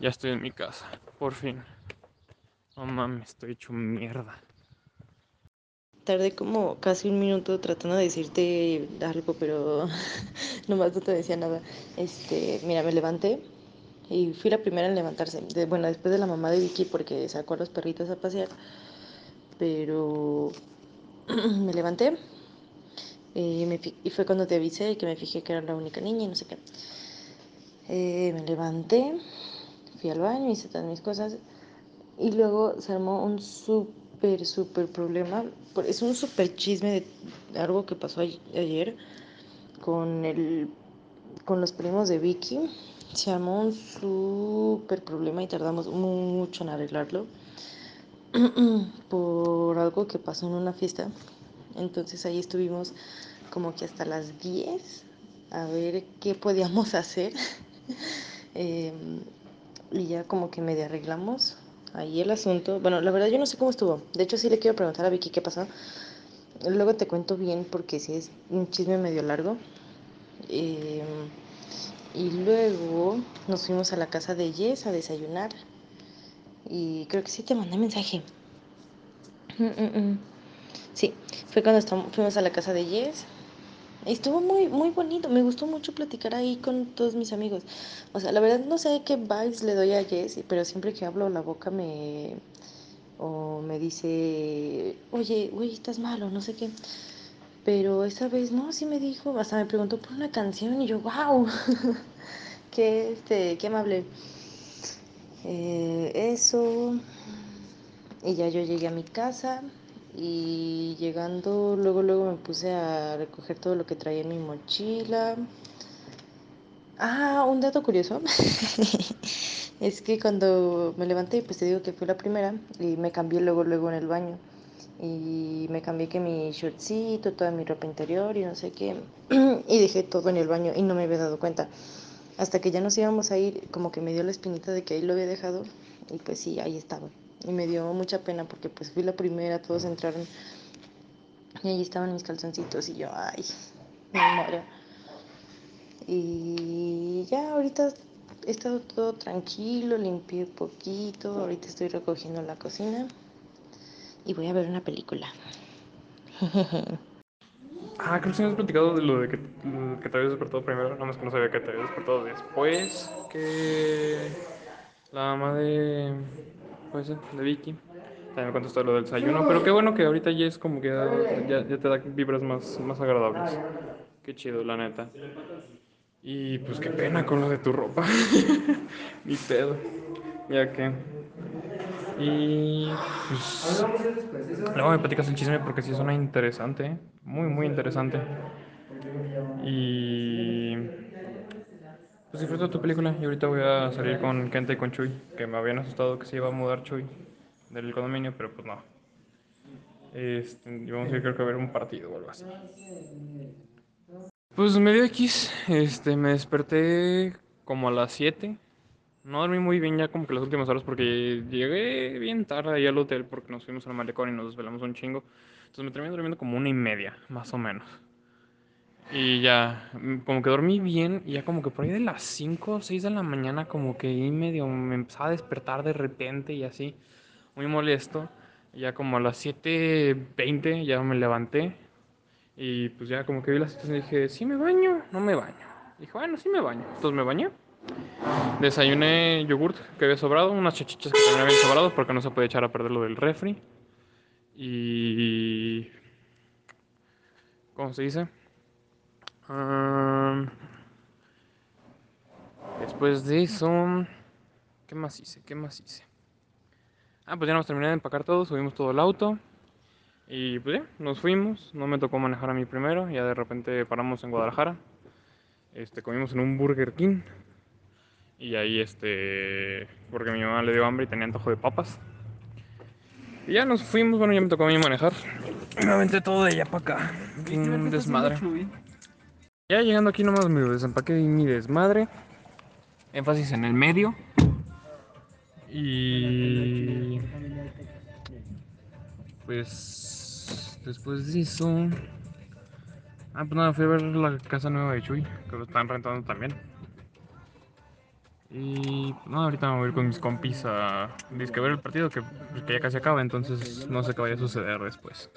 Ya estoy en mi casa, por fin. No oh, mames, estoy hecho mierda. Tardé como casi un minuto tratando de decirte algo, pero nomás no te decía nada. Este, mira, me levanté y fui la primera en levantarse. bueno, después de la mamá de Vicky porque sacó a los perritos a pasear, pero me levanté y, fue cuando te avisé que me fijé que era la única niña y no sé qué. Eh, me levanté, fui al baño, hice todas mis cosas y luego se armó un súper, súper problema. Es un súper chisme de algo que pasó ayer con, el, con los primos de Vicky. Se armó un súper problema y tardamos mucho en arreglarlo por algo que pasó en una fiesta. Entonces ahí estuvimos como que hasta las 10 a ver qué podíamos hacer. eh, y ya como que medio arreglamos ahí el asunto. Bueno, la verdad yo no sé cómo estuvo. De hecho sí le quiero preguntar a Vicky qué pasó. Luego te cuento bien porque sí es un chisme medio largo. Eh, y luego nos fuimos a la casa de Jess a desayunar. Y creo que sí te mandé mensaje. Mm, mm, mm. Sí, fue cuando fuimos a la casa de Jess Estuvo muy, muy bonito, me gustó mucho platicar ahí con todos mis amigos. O sea, la verdad no sé qué vibes le doy a Jess, pero siempre que hablo la boca me... o me dice, oye, güey, estás malo, no sé qué. Pero esa vez no, sí me dijo, hasta me preguntó por una canción y yo, wow, qué, este, qué amable. Eh, eso. Y ya yo llegué a mi casa, y llegando luego luego me puse a recoger todo lo que traía en mi mochila. Ah, un dato curioso es que cuando me levanté, pues te digo que fue la primera y me cambié luego luego en el baño y me cambié que mi shortcito, toda mi ropa interior y no sé qué y dejé todo en el baño y no me había dado cuenta. Hasta que ya nos íbamos a ir, como que me dio la espinita de que ahí lo había dejado y pues sí, ahí estaba y me dio mucha pena porque pues fui la primera, todos entraron y allí estaban mis calzoncitos y yo, ay, me muero. Y ya ahorita he estado todo tranquilo, limpié poquito, ahorita estoy recogiendo la cocina y voy a ver una película. ah, creo que sí me platicado de lo de que, te habías despertado primero, nada más que no sabía que te habías despertado después que la mamá de pues, de Vicky. También me contestó lo del desayuno, pero qué bueno que ahorita ya es como que ya, te da vibras más, más agradables. Qué chido, la neta. Y pues qué pena con lo de tu ropa. mi pedo. Ya que. Y pues. Luego me platicas el chisme porque sí suena interesante. ¿eh? Muy, muy interesante. Y pues disfruto tu película y ahorita voy a salir con Kenta y con Chuy, que me habían asustado que se iba a mudar Chuy del condominio, pero pues no. Este, vamos a ir creo que a ver un partido o algo así. Pues medio X, este, me desperté como a las 7. No dormí muy bien ya como que las últimas horas porque llegué bien tarde ahí al hotel porque nos fuimos al malecón y nos desvelamos un chingo. Entonces me terminé durmiendo como una y media, más o menos. Y ya, mm, como que dormí bien, y ya como que por ahí de las 5 o 6 de la mañana, como que y medio me empezaba a despertar de repente y así, muy molesto. Y ya como a las 7.20 ya me levanté, y pues ya como que vi las situación y dije, ¿sí me baño? No me baño. Y dije, bueno, ah, sí me baño. Entonces me bañé. Desayuné yogurt que había sobrado, unas chachichas que también habían sobrado porque no se puede echar a perder lo del refri. Y... ¿Cómo se dice? Ah, después de eso, ¿qué más hice? ¿Qué más hice? Ah, pues ya nos terminé de empacar todo, subimos todo el auto. Y pues ya, nos fuimos. No me tocó manejar a mí primero. Ya de repente paramos en Guadalajara. Este, comimos en un Burger King. Y ahí, este. Porque mi mamá le dio hambre y tenía antojo de papas. Y ya nos fuimos. Bueno, ya me tocó a mí manejar. Me todo de allá para acá. Un desmadre. Ya llegando aquí nomás me desempaqué y mi desmadre. Énfasis en el medio. Y. Pues. Después de eso. Ah, pues nada, fui a ver la casa nueva de Chuy, que lo están rentando también. Y pues no, ahorita me voy a ir con mis compis a disque ver el partido pues, que ya casi acaba, entonces no sé qué vaya a suceder después.